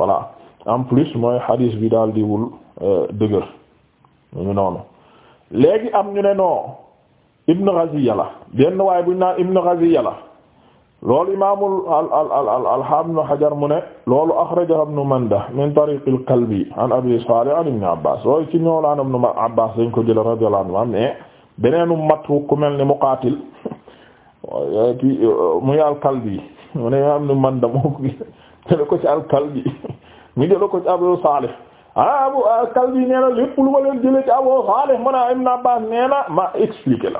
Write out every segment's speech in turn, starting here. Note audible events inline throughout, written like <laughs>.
voilà en plus mooy xadiis bi daal diwul euh, dëgër ñu noonu léegi am ñu ne non Ibn Ghaziya la benn waaye bu ñu naan Ibn Ghaziya la loolu imaamul al al al al Ibn Hajar mu ne loolu axrajahu Ibn Manda min tariq al-Kalbi an Abi Salih an Ibn Abbas loolu ci ñëw laan Ibn Abbas dañ ko jëlee radiyallahu anhu mais beneenu matru ku mel ni Muqaatil <laughs> ki euh, muy al-Kalbi <laughs> mu ne am nu Manda moo jële ko ci al-Kalbi mi <laughs> jële ko ci Abu Salih ah Abu Kalbi nee na lépp leen jële ci Abu Salih mu ne Ibn Abbas nee na ma expliqué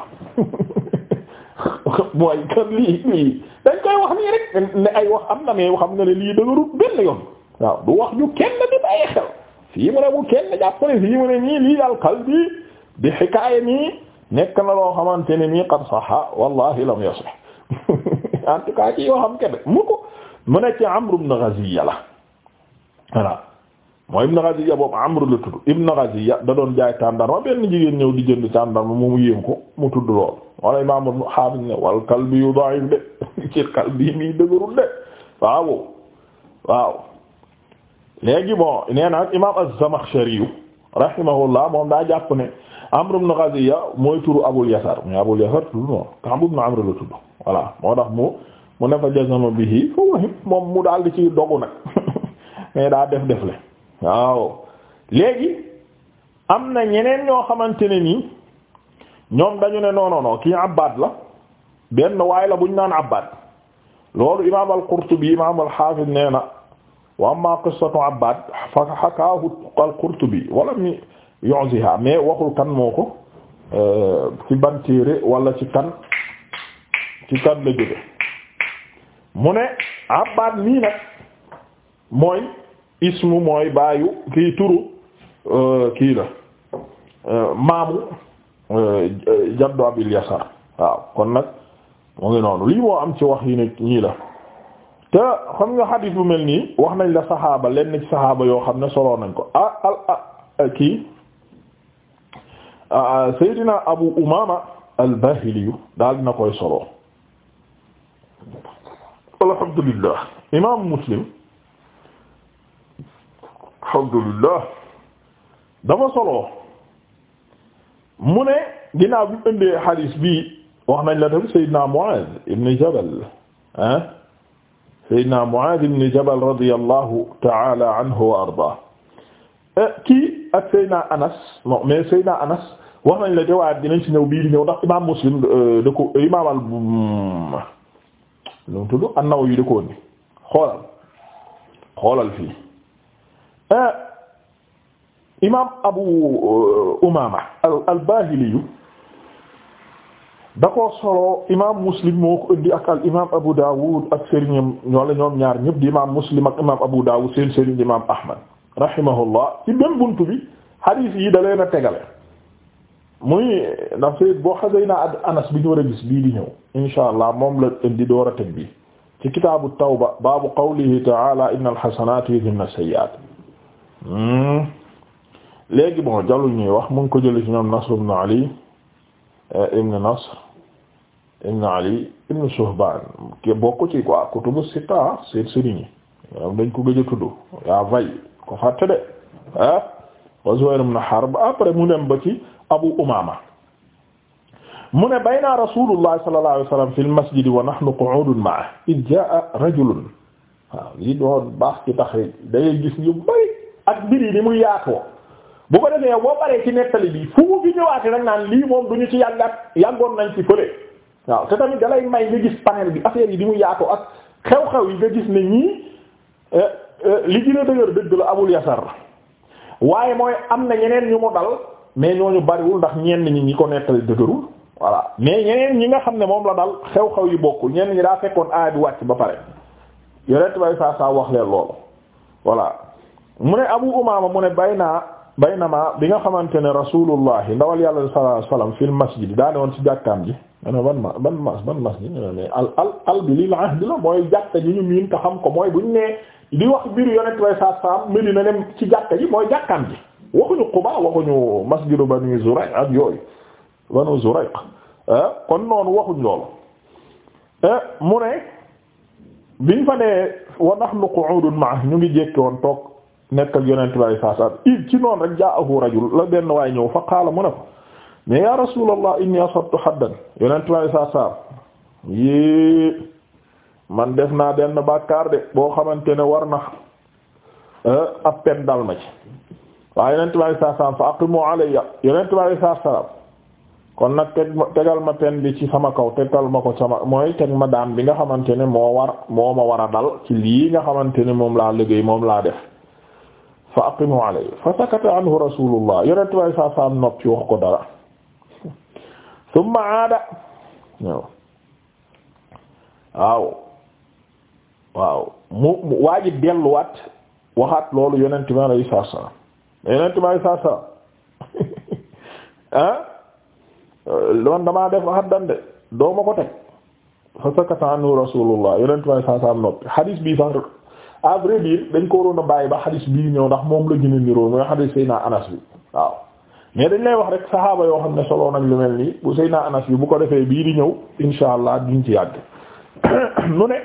kan <laughs> lii lii dañ wax nii rek ne ay wax am na mais xam nga ne lii dëgërut benn yoon waaw du wax ñu kenn di bàyyi xel fii mu bu kenn jàppale fii mu nii lii al-Kalbi xikaaya nii nekk na loo xamante ne nii qad sahha wallahi lam yasih <laughs> en tout cas ci yoo xam mu ne ci Amr ibn Ghaziya la voilà mooy ibn Ghaziya boobu Amr la tudd ibn Ghaziya da doon jaay tàndarma benn jigéen ñëw di jënd tàndarma mu yéem ko mu tudd lool wala imaam Haafis ne wal kalbi yu da'if de <laughs> ci kalbi mi dëgërul de waaw waaw léegi bon nee na imaam rahimahullah moom daa jàpp ne Amr ibn Ghaziya mooy turu Abul Yasar mais Abul Yasar tudd noonu Ka'b ibn Amr la tudd voilà moo tax mu mu ne fa jazama bi fa wahim moom mu daal di ci dogu nag <laughs> mais daa def def le waaw léegi am na ñeneen ñoo xamante ne nii ñoom dañu ne non non non kii abbaad la benn waay la bu ñu naan abbaad loolu imaam al-Qurtubi imaam al nee na wa amma qissatu abbaad fa hakaahu al-Qurtubi walam yu'ziha mais waxul kan moo ko euh, ci ban téere wala ci kan ci kan la jóge mu ne abbaad nii nag mooy ismu mooy baayu kii turu euh, kii la euh, maamu euh, jaddu abil yasar waaw kon nag mu ngi noonu lii moo am ci wax yi ne ñii la te xam nga xadiis bu mel nii wax nañ la saxaaba lenn ci saxaaba yoo xam ne soloo nañ ko ah al ah, kii ah, ah, Seydina Abu Umaama al-Bahili daal dina koy solo alhamdulillah imaamu muslim alhamdulillah dafa solo mu ne ginnaaw bi mu indee xadiis bi wax nañ la tamit Seydina Muaaz ibn Jabal ah Seydina Muaaz ibn Jabal radiyallahu ta'ala anhu wa ardaa eh, kii ak Seydina Anas non mais Seydina Anas wax nañ la te waaye dinañ ci ñëw bii di ñëw ndax imaam muslim euh, da ko imaam al lu mu tudd an ko ni xoolal xoolal fii ah, imaam Abu uh, Umaama al-Baahiliyu da ko solo imaam Muslim moo ko ak al imaam Abu Daawud ak sëriñam ñoo la ñoom ñaar ñëpp di imaam Muslim ak imaam Abu Daawud seen sëriñ imaam Ahmad rahimahullah ci benn buntu bi hadith yi da tegale muy ndax sayid boo xasee naa anas bi ñu war a ñëw insha moom la indi bi ci kitaabu tawba baabu qawlihi ta'ala innal hasanati yudhhibna sayyi'at hmm. léegi bon jalul ñuy wax mu ngi ko jëlee ci ñoom Nasr ibn Ali eh, ibn Nasr ibn Ali ibn Suhban ke bokk ci quoi kutubu sitta seet sëriñ ñoom dañ ko gëj a tudd yaa vay ko fàtte de ah wa Zuhayr ibn Harb après mu dem abu umama mu ne bayna rasulullahi sallallahu alayhi wa sallam fil masjid wa nahnu qu'udun ma'a id jaa rajulun waaw lii doon baax ci tax dangay gis yu bari ak mbir yi ni muy yaatoo bu ko defee boo baree ci nettali bi fu mu fi ñëwaatee nag naan lii moom du ñu ci yàggat yàggoon nañ ci fële waaw te tamit dalay may nga gis panel bi affaire yi di muy yaatoo ak xew-xew yi nga gis ne ñii eh, eh, li gën dëgër dëgg la abul yasar waaye mooy am na ñeneen ñu mu dal mais ñu bariwul ndax ñenn ñi ñi ko nettali dëgërul voilà mais ñeneen ñi nga xam ne moom la daal xew-xew yi bokkul ñenn ñi daa fekkoon aay bi wàcc ba pare yonent bay saa wax leen loolu voilà mu ne Abu Umaama mu ne bay naa bay na ma bi nga xamante ne rasulullah ndawal yàlla sallallahu alayhi wasallam fil masjid daa ne woon ci jàkkaam ji ma ne ban ma ban mas ban masjid ñu ne xam ko mooy buñ nee di wax biir yonent ci jàkka ji mooy jàkkaam ji. waxuñu Quba waxuñu masjidu Bani Zurayq ak yooyu Banu Zurayq ah, kon noonu waxuñ loolu eh, mu ne biñ fa nee wa nahnu qu'udun ma'a ñu ngi jékki woon toog nekk ak yonent bi saa ci noonu rek ja'ahu rajul la benn waay ñëw fa qaala mu ne ko mais ya Rasulallah inni asabtu haddan yonent bi saa saa yii man def naa benn bàkkaar de boo xamante ne war na eh, ab pen dal ma ci. waaw yonent bi alayhi salaam fa aqimu alayya yonent bi alayhi salaam kon nag tegal ma pen bi ci sama kaw tegal ma ko sama mooy teg ma daan bi nga xamante ne moo ma war a dal nga xamante ne moom laa liggéey moom laa def fa aqimu alayya fa sakata anhu rasulullah yonent bi alayhi salaam noppi wax ko dara summa aada waaw waaw mu mu waajib delluwaat waxaat loolu yonent bi alayhi salaam yeneen tubaab saa saa ah damaa def haddan de doo ma ko teg fa sakata anhu rasulullah yeneen tubaab saa saa noppi hadis bii sax à vrai dañ ko waroon a bàyyi ba hadis bii ñëw ndax moom la gën a niroo mooy hadis Seyna Anas bi waaw mais dañ lay wax rek saxaaba yoo xam ne solo lu mel nii bu Seyna Anas bi bu ko defee bii di ñëw insha allah duñ ci yàgg mu <coughs> ne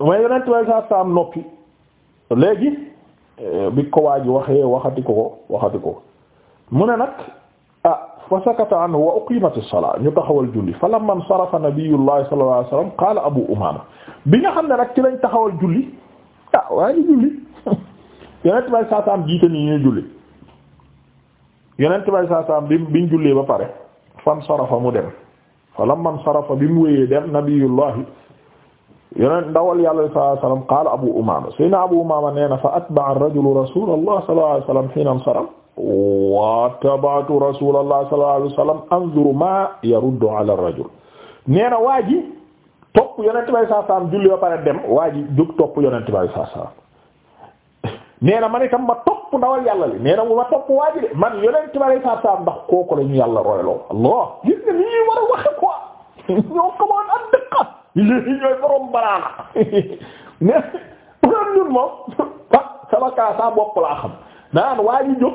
mooy yeneen tubaab saa saa noppi léegi. Eh, bi ko waa ji waxee waxati ko waxati ko mu ne nag ah fa sakata anhu wa uqimat as-salaa ñu taxawal julli fa lamma sarafa nabiyullahi sallallahu alayhi wasallam qaala abu umaama bi nga xam ne nag ci lañ taxawal julli ah waa <laughs> julli yonent bay saa saam jiite nii ñu julli yonent bay saa saam bi biñ jullee ba pare fan sarafa mu dem fa lamma sarafa bi mu wéyee dem nabiyullahi yonent ndawal yàlla sallallahu alayhi wa sallam qaala Abu Umaama sayna Abu Umaama nee na fa atba'a ar-rajulu rasuulallah sallallahu alayhi wa sallam hiina insarafa wa maa yaruddu ala ar-rajul nee na waa ji julli ba pare dem waa ji jóg topp yonent bi saa saam nee ma topp ndawal yàlla li ma topp waa de man yonent bi saa saam ndax kooku la ñu yàlla royloo Allah gis nga ni ñuy war a waxe quoi ñoo xamoon am léegi ñooy borom banaana mais uram ñun moom sama kaa bopp laa xam naan waa ji jóg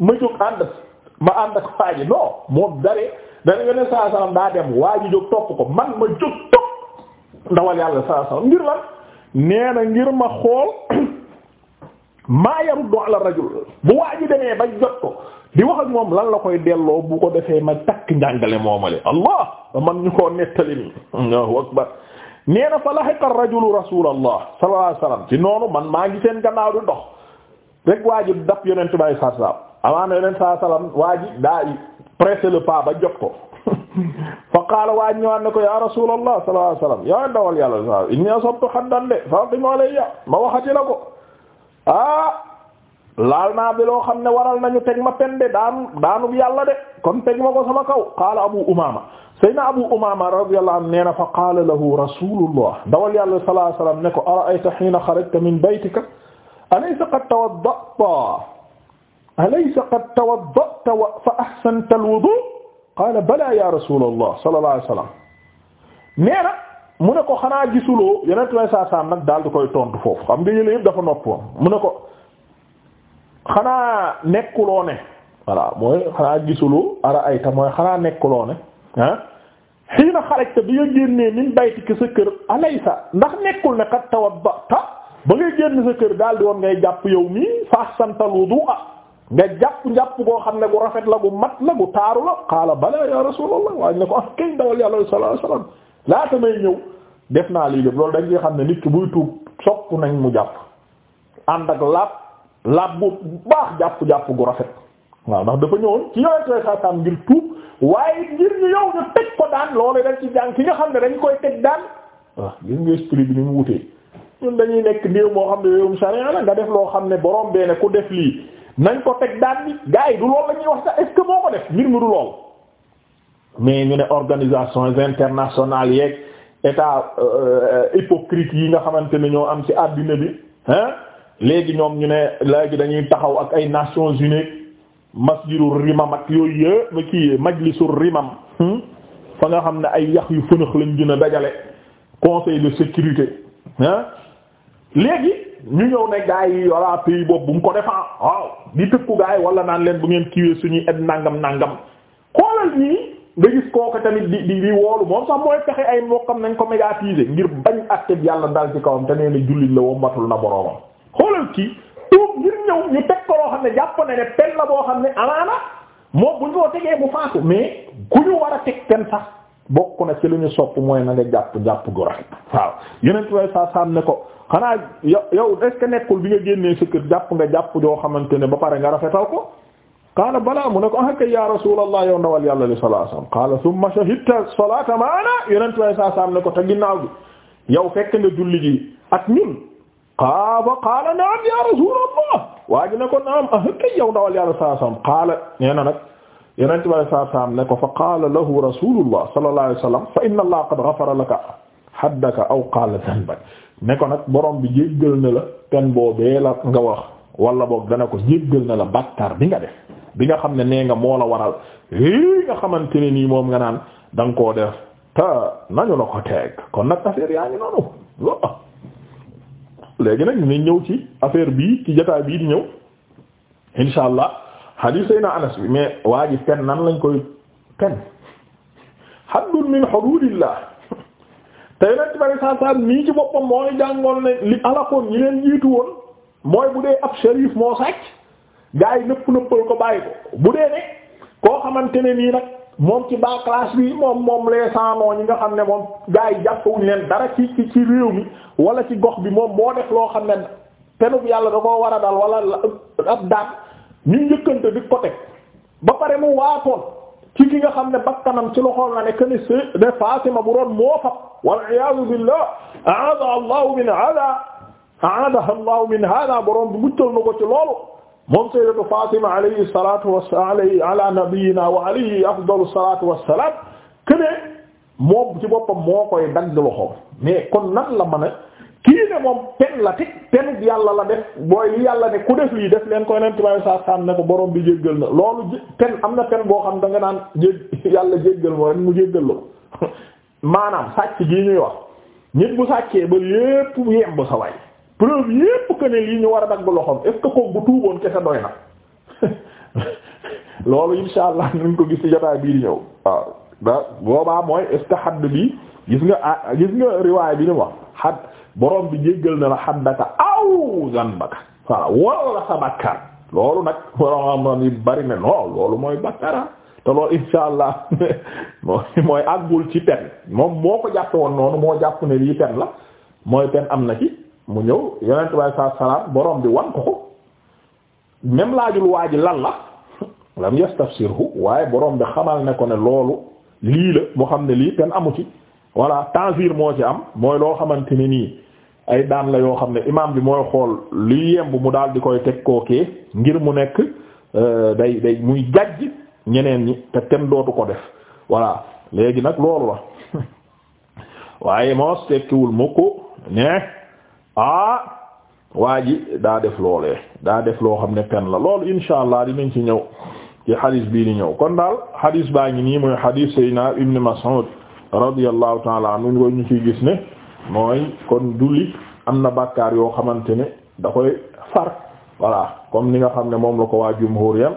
ma jóg ànd ma ànd ak waa ji non moom daree dara yeneen saa salaam daa dem waa ji jóg topp ko man ma jóg topp ndawal yàlla saa salaam ngir lan nee na ngir ma xool <clears throat> maa yaruddu ala rajul bu waa ji demee ba jot ko di wax moom lan la koy delloo bu ko defee ma takk njàngale moomale allah man ñu ko nettali ni Allahu akbar nee na fa lahiqa ar rasulallah sallallahu ci noonu man maa ngi seen gannaaw di dox rek waa ji yonent bi sallallahu alayhi wasallam amaana yonent sallallahu alayhi wasallam waa ji daa pressé le pas jot ko <laughs> fa qaala waa ji ñëwaat ko ya rasulallah sallallahu alayhi dawal yàlla sa inni asabtu haddan de faqim alayya ma waxati la ko ah laal naa bi loo xam ne waral nañu teg ma pen de daanu yàlla de kon teg ma ko sama kaw qaala abu umama Seydina Abu Umaama radiyallahu anhu nee na fa qaala lahu rasulullah dawal yàlla sallallahu alayhi wa sallam ne ko ara'ayta hiina xarajta min baytika alaysa qad tawadda'ta alaysa qad tawadda'ta fa ahsanta al-wudu' qaala balaa ya rasulallah sallallahu alayhi wa sallam nee na mu ne ko xanaa gisuloo yeneen tubaab saa saa nag daal di koy tontu foofu xam nga yële yëpp dafa noppoon mu ne ko xanaa nekkuloo ne voilà mooy xanaa gisuloo ara'ayta mooy xanaa nekkuloo ne. ah xii na xarajta bi nga génnee min baytika sa kër alaysa ndax nekkul ne qad tawaddata ba ngay génn sa kër daal di woon ngay jàpp yow mii fa du wudu'a nga jàpp jàpp goo xam ne gu rafet la gu mat la gu taaru la qaala bala ya rasulullah waaye ne ko ah kay dawal yàlla sallallahu alayhi wasallam laata may ñëw def naa lii def loolu dañ nga xam ne nit ki buy tuub sopp nañ mu jàpp ànd ak laab laab bu baax jàpp-jàpp gu rafet waaw ndax dafa ñëwoon waaye ngir ñu yow ñu teg ko daan loolu dañ ci jàng ki nga xam ne dañ koy teg daan waaw gis nga esprit bi ñu mu wutee ñun dañuy nekk déew moo xam ne réewum charia la nga def loo xam ne borom bee ne ku def lii nañ ko teg daan bi gars yi du loolu la ñuy wax sax est ce que moo ko def mbir mi du lool mais ñu ne organisations internationales yeeg état euh, hypocrite yi nga xamante ni ñoo am ci àddina bi hein léegi ñoom ñu ne léegi dañuy taxaw ak ay Nations Unies masjidu rimam ak yooyu yëpp ma kii majlisu rimam hmm? fa nga xam ne ay yax yu fënax lañ gën a dajale conseil de sécurité ah léegi ñu ñëw ne gaa yi walla pays boobu bu mu ko defan waaw di tëkku gaa yi wala naan leen bu ngeen kiiwee suñuy ed nangam nangam xoolal ñii tamit di di di woolu moom sax mooy pexe ay mbokkam nañ ko médiatiser ngir bañ àtte yàlla daal ci kawam te nee na jullit la wombatul na boroomam xoolal kii tuub ngir ñëw ñu teg ko loo xam ne jàpp na ne pen la boo xam ne amaana moom bu ñu tegee bu faatu mais ku ñu war a teg pen sax bokk na ci lu ñu sopp mooy na nga jàpp jàpp gu rafet waaw yeneen way saa ko xanaa yow yow est nekkul bi nga génnee sa kër jàpp nga jàpp joo xamante ne ba pare nga rafetal ko qaala balaa mu ne ko ahakay ya rasulallah yow ndawal yàlla li sallallahu alayhi wasallam qaala thumma shahidta yeneen way saa saam ne ko te ginnaaw gi yow fekk nga julli gi ak ñun qaaba qaala naam ya rasuulallah waa ji ne ko naam ah kay yow ndawal yàlla saa saam qaala nee na nag yeneen ci wàllu saa saam ne ko fa qaala lahu rasuulullah sallallahu alayhi wa sallam fa inna allaha qad ghafara laka haddaka aw qaala dhanbak ne ko nag borom bi jéggal na la pen boo la nga wax wala boog dana ko jéggal na la bàkkaar bi nga def bi nga xam ne nee nga moo la waral lii nga xamante ne nii moom nga naan da nga def te nañu la ko teg kon nag affaire yaa noonu léegi nag dinañ ñëw ci affaire bii ci jotaay bii di ñëw insha allah hadith sayna anas bi mais waa ji pen nan lañ koy pen haddun min hududillah te yonent bari saa saa nii ci boppam moo ñu jàngoon ne li alakoon ñi leen jiitu woon mooy bu dee ab shérif moo sàcc gaa yi nëpp nëppal ko bàyyi ko bu dee ne koo xamante ne nii nag moom ci baa classe bi moom moom les saanoo ñi nga xam ne moom gars yi jàppawuñ leen dara ci ci réew mi wala ci gox bi moom moo def loo xam ne penub yàlla da koo war a dal wala ab daan ñu njëkkante di ko teg ba pare mu waatoon ci ki nga xam ne bakkanam ci loxool na ne keni si de bu doon moo fab wal la billah aada allahu min hada aadaha allahu min hada boroom mu muccal na ko ci loolu moom sayyidatu Fatima alayhi salatu wassalam ala nabiyyina wa alayhi afdalu salatu wassalam kene moom ci boppam moo koy dagg loxoom mais kon nan la mën a kii ne moom pen la teg penub yàlla la def booy li yàlla ne ku def lii def leen koy nent baay saa saam ne ko borom bi jéggal na loolu pen am na pen boo xam da nga naan jég <laughs> yàlla jéggal moo rek mu jéggal la <laughs> maanaam sàcc gii ñuy wax nit bu sàccee ba lépp yemb sa waay preuve yépp que ne lii ñu war a dagg loxoom est ce bu tuuboon kese doy na <laughs> loolu insha allah nañ ko gis ci jotaay bii di ñëw. waaw da boobaa mooy est xadd bi gis nga ah gis nga riwaay bi ni wax xadd borom bi jéggal na la xaddaka aw zanbaka voilà wala sa bàkkaar loolu nag borom am yi bari na non loolu mooy bàkkaara te loolu insha allah <laughs> mooy àggul ci pen moom moo ko jàppe woon noonu moo jàpp ne lii pen la mooy pen am na ci. mu ñëw yonent bi saa salaam borom bi wan ko ko même laajul waa ji lan la <laughs> lam yastafsirhu waaye borom bi xamal ne ko ne loolu lii la mu xam ne lii kenn amu ci voilà tanzir moo ci am mooy loo xamante ni nii ay daan la yoo xam ne imaam bi mooy xool luy yemb mu daal di koy teg koo kookee ngir mu nekk euh, day day muy gàjj ñeneen ñi te kenn dootu ko def voilà léegi nag loolu la <laughs> waaye moos tekkiwul mukk ne ah waa ji daa def loolee daa def loo xam ne pen la lool insha allah dinañ ci ñëw ci xadis bii di ñëw kon daal xadis baa ngi nii mooy xadis Seydina Ibn Mas'ud radiyallahu taala anhu ñu ñu ciy gis ne mooy kon julli am na bàkkaar yoo xamante ne da koy far voilà comme ni nga xam ne moom la ko waa jumhur yam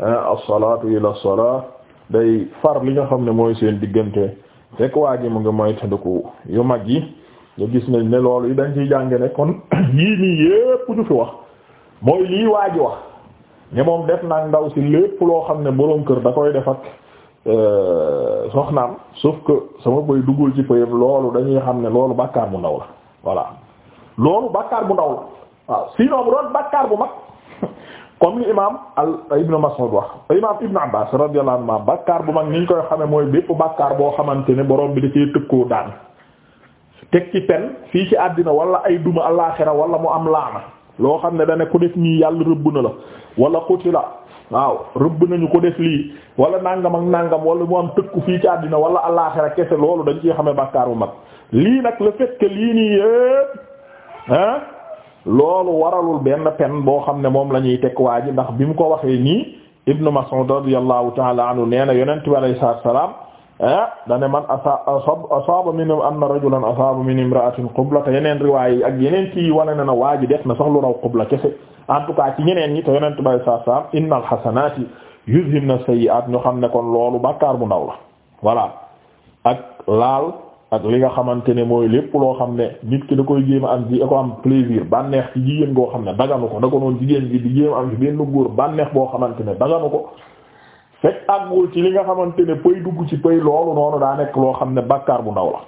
eh, as-salaatu ila as-salaat day far li nga xam ne mooy seen diggante fekk waa ji mu ngi moytandiku yu mag yi nga gis nañ ne loolu yi dañ ciy jànge ne kon <clears throat> yii ñu fi wax mooy lii waa ji wax ne moom def nag ndaw si loo xam ne boroom kër da koy def ak euh, soxnaam sauf que sama bëy duggul ci pëyam loolu dañuy xam ne loolu bàkkaar bu ndaw la voilà loolu bàkkaar bu ndaw la waaw sinon bu doon bàkkaar bu mag <laughs> comme ni al ibnu Mas'ud wax imam ibnu Abbas radiyallahu anhu bàkkaar bu mag ni ñu koy xame mooy bépp bàkkaar boo xamante ne boroom bi da cee tëkkoo daan teg ci pen fii ci àddina wala ay duma alaaxira wala mu am laana loo xam ne dane ku def nii yàlla rëbb na la wala qutila waaw rëbb nañu ko def lii wala nàngam ak nàngam wala mu am tëkku fii ci àddina wala alaaxira kese loolu dañ ciy xamee bàkkaar bu mag lii nag la fait que lii nii yépp ah loolu waralul benn pen boo xam ne moom la ñuy teg waa ji ndax bi mu ko waxee nii Ibnu Mas'ud radiyallahu ta'ala anhu nee na yonent bi alayhi salaam ah dane man asa asaaba min anna rajulan asaaba min imra'atin qubla te yeneen riwaay yi ak yeneen ci wane na na waa ji def na sax lu raw qubla kese en tout cas ci ñeneen ñi te yonent bay saa saam innal hasanati yuzhibna sayyi'at ñoo xam ne kon loolu bàkkaar bu ndaw la voilà ak laal ak li nga xamante ne mooy lépp loo xam ne nit ki da koy jéem a am ji ko am plaisir bànneex ci jigéen goo xam ne daganu ko da ko noonu jigéen ji di jéem am ci benn boo xamante ne daganu ko fekk àggul ci li nga xamante ne pëy dugg ci pëy loolu noonu daa nekk loo xam ne bàkkaar bu ndaw la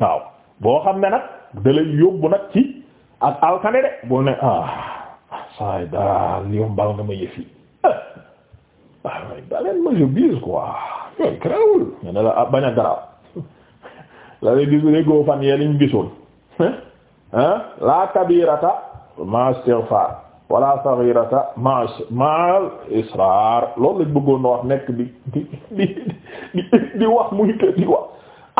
waaw boo xam ne nag dalay yóbbu nag ci ak alkane de bul ne ah saay daal yoom bal nga ma yëf yi eh, waaw daleen ma je bise quoi yooyu eh, garawul ñu ne la ah, bañ a garaw <laughs> la lay gis léegoo fan yee liñ gisoon <laughs> eh, ah kabirata ma istighfar wala saghirata ma mal israr loolu lañ bëggoon wax nekk di di di di wax muy te di wax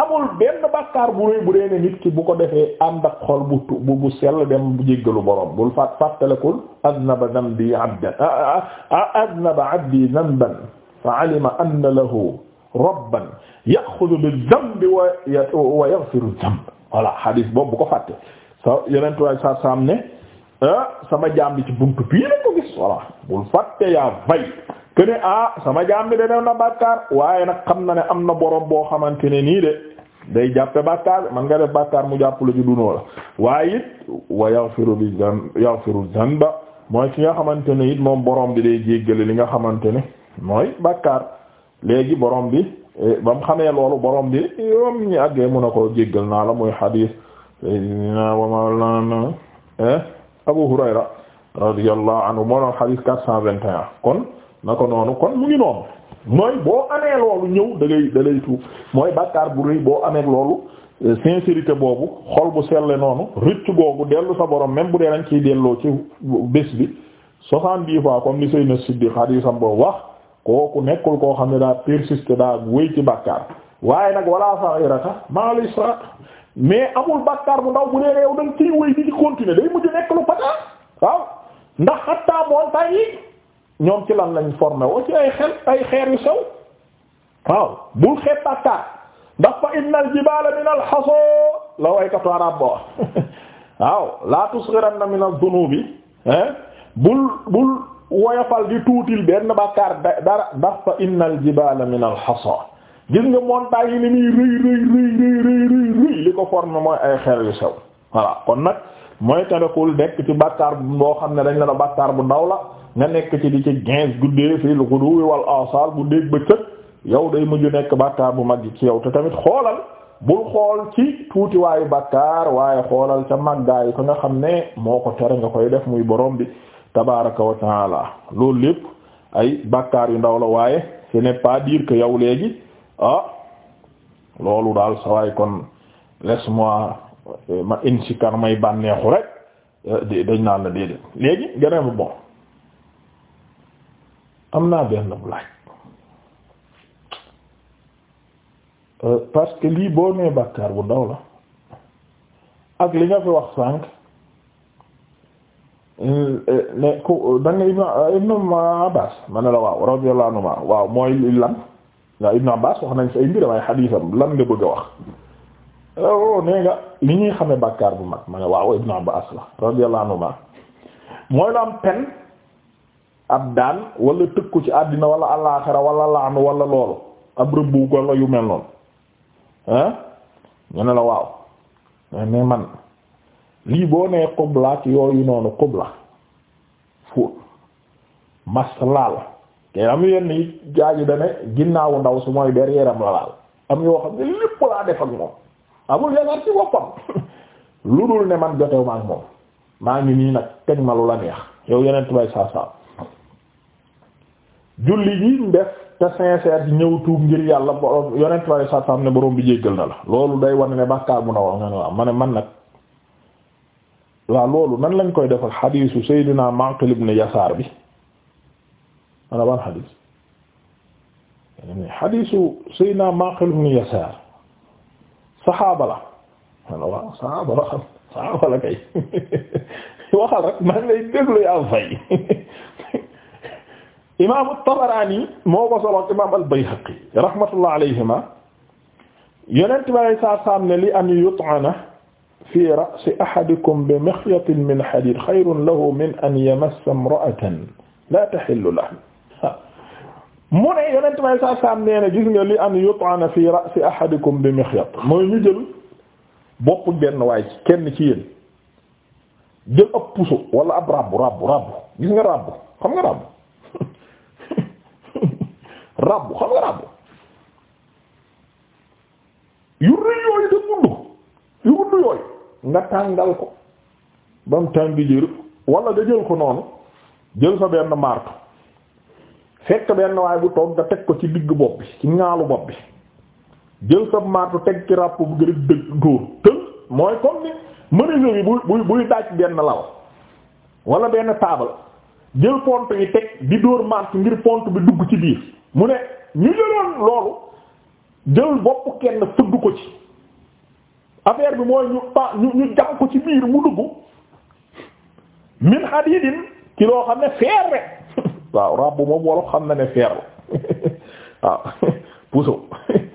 amul benn bàkkaar bu réy bu dee ne nit ki bu ko defee ànd ak xol bu tu bu bu sell dem jéggalu borom bul fàtt fàttalekul aznaba dhanbi abdan aznaba abdi dhanban fa alima anna lahu rabban ya'khudhu bi-dhanbi wa yaghfiru dhanb voilà hadith boobu bu ko fàtte sa yenentuwaay sa saam ne Ah, sama jaam ci buntu bi la ko gis voilà bul fàtte yaa vay que ne ah, sama jaam bi de def na bàkkaar waaye nag xam na ne am na borom boo xamante ne nii de day jàppe bàkkaar man nga def bàkkaar mu jàpp la ci dunoo la waaye it wa yaghfiru bi yaghfiru zanba mooy ki nga xamante ne it moom borom bi day jéggale li nga xamante ne mooy bàkkaar léegi borom bi eh, ba mu xamee loolu borom bi yoom ñu àggee mun a ko jéggal naa la mooy xadiis eh, wa eh, Abu Hurayra radiyallahu anhu moo doon xadiis quatre cent vingt et un kon na ko noonu kon mu ngi noonu mooy boo amee loolu ñëw da ngay mooy bàkkaar bu rëy boo amee loolu euh, sincérité boobu xol bu selle noonu rëcc googu dellu sa borom même bu dee dañ ciy delloo ci bés bi soixante-dix fois comme ni Seydina Siddiq xadiisam boobu wax kooku nekkul koo xam ne daa persiste daa wéy ci bàkkaar waaye nag wala saxirata ma'al israr mais amul bàkkaar bu ndaw bu dee yow da nga ciy wéy di ci continuer day mujj nekk lu pata waaw ndax xattaa montagne yi ñoom ci lan lañ formé woo ay xel ay xeer yu sew waaw bul xeeb bàkkaar ndax fa inna al jibala min al haso la waykatu arab bo <laughs> waaw la tusghiranna min al dhunubi bul bul woyofal di tuutil benn bàkkaar dara ndax fa al jibala min al haso gis nga montagne yi ni muy rëy rëy rëy rëy li ko forme mooy ay xeer yu sew voilà kon nag mooy tendekul nekk ci bàkkaar boo xam ne dañ la na bàkkaar bu ndaw la nga nekk ci di ci ginze guddee fii lu xuduwi wal asal bu dégg ba cëg yow day mujj nekk bàkkaar bu mag ci yow te tamit xoolal bul xool ci tuutiwaayu bàkkaar waaye xoolal ca màggaayu ko nga xam ne moo ko tere nga koy def muy borom bi tabaraka wa taala loolu lépp ay bàkkaar yu ndaw la waaye ce n'est pas dire yow léegi ah loolu daal sawaay kon laisse-moi ma insikar may bànneexu rek dañ naan la déedéet léegi gënee bu bon am naa benn bu laaj euh, parce que lii boo nee bàkkaar bu ndaw la ak li nga fi wax sànq euh, euh, ne ku da nga Ibn ma ne la waaw radiyallahu anhu waaw mooy lan waa Ibn Abbas wax nañ say mbiram ay xadiisam lan nga bëgg a wax o oh, nee nga li ñuy xamee bàkkaar bu mag ma ne waaw Ibn Abbas la radiyallahu anhuma mooy la am pen ab daan wala tëkku ci àddina wala alaaxira wala laanu wala loolu ab rëbbu ko la yu mel noonu ah ñu ne la waaw mais man lii boo nee xubla ci yooyu noonu xubla fóot mas laal te am yenn yi jaaji dane ginnaawu ndaw su mooy derrière am la laal am yoo xam ne lépp laa def ak moom amul yaakaar ci boppam <laughs> lu dul ne man jotew ma ak moom maa ngi nii nag teg ma lu la neex yow yeneen tubay saa saa ñëw tuub ngir yàlla borom yeneen tubay saa saa ne borom bi jéggal na la loolu day wane ne bàkkaar bu na wax ma ne man nag waaw loolu nan lañ koy defal xadiisu Seydina Maqil ibn Yasaar bi ana ban xadis xadisu Seydina Maqil ibn Yasaar saxaaba la ana waaw saxaaba la xam saxaaba la kay <laughs> waxal rek maa ngi lay déglu yaa fay <laughs> imaamu Tabaraani moo ko solo ak imaam al-Bayhaqi rahmatullah alayhima yonent bi alayhi salaatu salaam ne li an yut'ana fi ra'si ahadikum bi mikhyat min hadiid khayrun lahu min an yamassa imra'atan laa tahillu lahu mu ne yonent may saa saam nee na gis nga li an yut'ana fi ra'si ahadikum bi mikhyat mooy ñu jël boppu benn waaye ci kenn ci yéen jël ab puso wala ab rabbu rabbu rabbu gis nga rabbu xam nga rabbu <laughs> rabbu xam nga rabbu yu rëy yooyu da gudd yu gudd yooyu nga tàngal ko ba mu tàngi jër wala da jël ko noonu jël sa benn marto fekk benn waay bu toog teg ko ci digg bopp bi ci ŋaalu bopp bi jël sa teg ci ràpp bu gërëb dëgg dóor tël mooy comme ni menuisier bi buy buy daaj benn lal wala benn taabal jël pont yi teg di dóor martu ngir pont bi dugg ci biir mu ne ñu jëloon loolu jël bopp kenn fëgg ko ci affaire bi mooy ñu ñu jam ko ci biir mu dugg min hadidin ci loo xam ne feer rek waaw rabb moom wolof xam na ne feer la <laughs> waaw <laughs> puso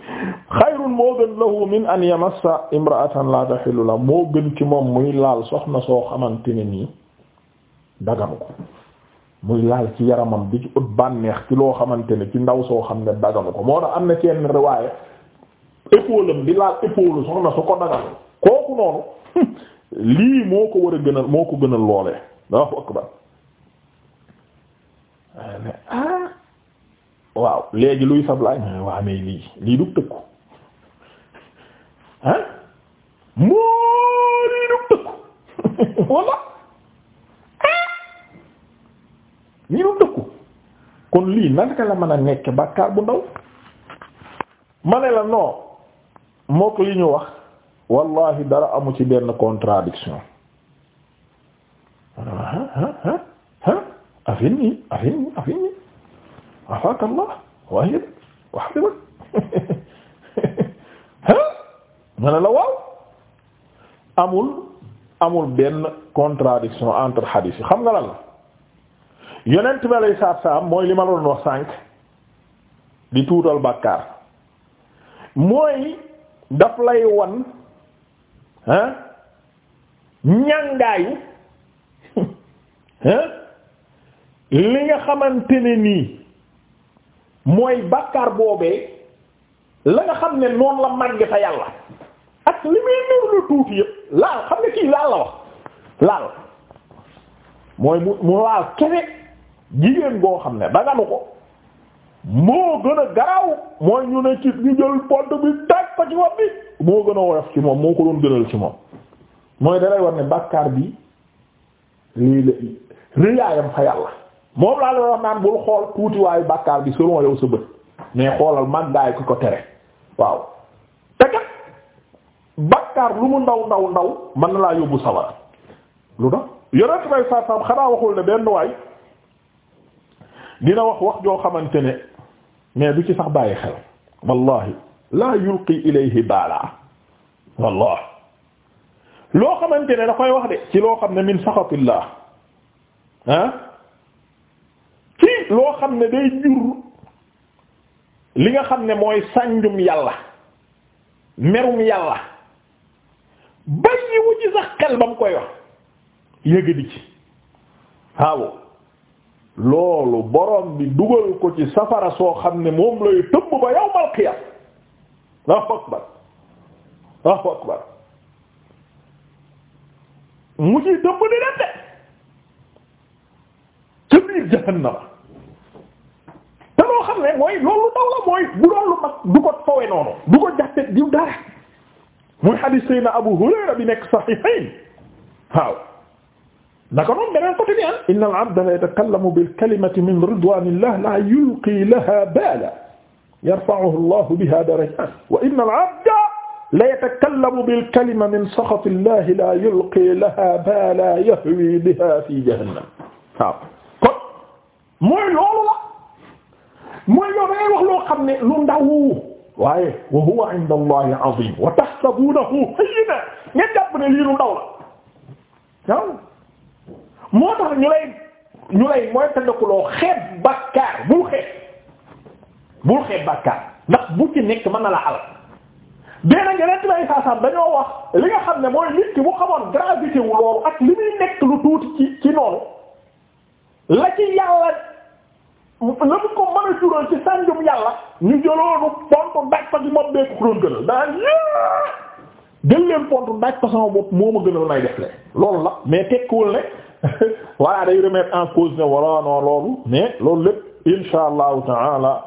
<laughs> xayrun moo gën lahu min an yamassa imra'atan la tahillu la moo gën ci moom muy laal soxna soo xamante ne nii daganu ko muy laal ci yaramam di ci ut bànneex ci loo xamante ne ci ndaw soo xam ne daganu ko moo tax am na kenn riwaaye épaule di laal épaule soxna su ko daganu kooku noonu lii moo ko war a gënal moo ko gënal loolee daa fokk ba Euh, ah waaw léegi luy sab laaj waa mais lii lii du tëkku ah <laughs> moo lii du tëkku walla <laughs> ah! lii du tëkku kon lii naka la mën a nekk bàkkaar bu ndaw ma la non mook li ñu wax wallahi dara amu ci benn contradiction ah, ah, ah afin Allah waaye wax dëgg ma ne la waaw amul amul benn contradiction entre hadith yi xam nga lan la yonent bi alayhi salaatu mooy li ma la doon wax sànq di tuutal bàkkaar mooy daf lay wan ah ñàngaayu ah. <laughs> li nga xamante ne nii mooy bàkkaar boobee la nga xam ne noonu la màgge fa yàlla ak li muy néew lu tuuti yëpp laal xam ne kii laal la wax laal mooy mu mu laal kene jigéen goo xam ne daganu ko moo gën a garaaw mooy ñu ne ci ñu pont bi daaj ko ci wàll moo gën a woyof ci moom moo ko doon gënal ci moom mooy dalay war ne bàkkaar bi lii la rëyaayam fa yàlla moom laa la naan bul xool tuutiwaayu bàkkaar bi selon yow sa bët mais xoolal màggaay ko ko tere waaw te kat bàkkaar lu mu ndaw ndaw ndaw mën na laa yóbbu sawar lu tax yonent bay saasam xanaa waxul ne benn waay dina wax wax joo xamante ne mais du ci sax bàyyi xel wallahi laa yulqi ilayhi baalaa wallah loo xamante ne da koy wax de ci loo xam ne min saxatillah ah loo xam ne day jur li nga xam ne mooy sànjum yàlla merum yàlla bàyyiwu ci sax xel ba mu koy wax yëga di ci waaw loolu borom bi dugal ko ci safara soo xam ne moom lay tëbb ba yawmal qiyam Allahu akbar Allahu akbar mu ciy tëbb di dem de ca biir jahannama xam ne mooy loolu taw la mooy bu doon lu mag du ko fowe noonu du ko jàppe diw dara muy hadis sayna Abu Hurayra bi nekk sahihayn waaw naka noonu beneen côté bi ah inna al abda la yatakallamu bil kalimati min ridwanillah la yulqi laha bala yarfa'uhu allah biha darajat wa inna al abda la yatakallamu bil kalima min sakhati allah la yulqi laha bala yahwi biha fi jahannam waaw kon mooy loolu la mooy yow da ngay wax loo xam ne lu ndaw waaye wa huwa inda allahi azim wa tahsabunahu hayyina nga jàpp ne lii lu ndaw la waaw moo tax ñu lay ñu lay mooy tandakuloo xeeb bàkkaar bul xeeb bul xeeb bàkkaar ndax bu ci nekk mën na la alal benn ngeneent bay saasam dañoo wax li nga xam ne mooy nit ki bu xamoon gravité wu loolu ak li muy nekk lu tuuti ci ci noonu la ci yàlla la mu ko mën a jural ci sànjum yàlla ñu jëloonu pontu daj fa moom bee gënal daa ah! def le loolu la mais tekkiwul ne <laughs> voilà day remettre en cause ne wala non loolu mais loolu lépp insha allahu taala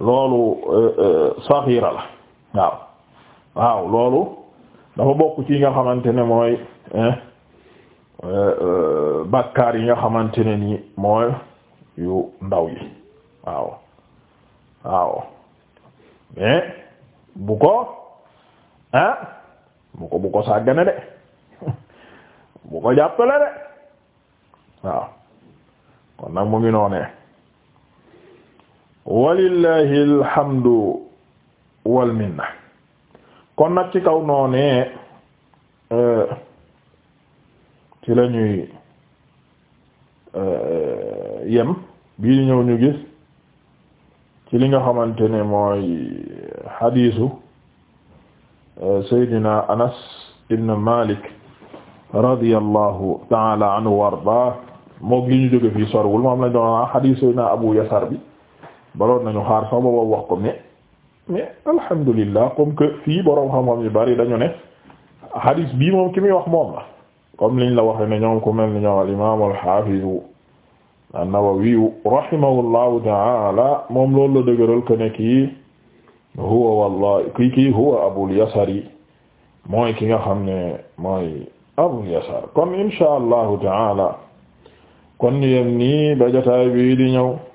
loolu euh, euh, saxiira la waaw waaw loolu dafa bokk ci nga xamante ne mooy euh, bàkkaar yi nga xamante ne nii mooy yu ndaw yi waaw waaw mais eh? bu ko ah bu ko bu ko sàggane de <laughs> bu ko jàppale de waaw kon nag mu ngi noonee walillahi alhamdu wal kon nag ci kaw noonee eh, ci lañuy yem bii ñëw ñu gis ci li nga xamante ne mooy xadiisu euh, Seydina Anas ibn Malik radiyallahu taala anhu wa ardaa moog li ñu jóge fii sorwul moom lañ doon xadiis Seydina Abu Yasar bi baloon nañu xaar sax booba wax ko mais mais alhamdulillah comme que fii boroom xam-xam yu bari dañu ne xadiis bii moom ki muy wax moom la comme liñ la waxe ne ñoom ku mel ñoom al imaam al xaafizu an-Nawawi rahimahullahu ta'ala moom loolu la dëgëral ko ne kii huwa wallahi kii kii huwa Abul ki nga xam ne mooy Abul Yasar kon insha allahu ta'ala kon yem nii ba jotaay bi di ñëw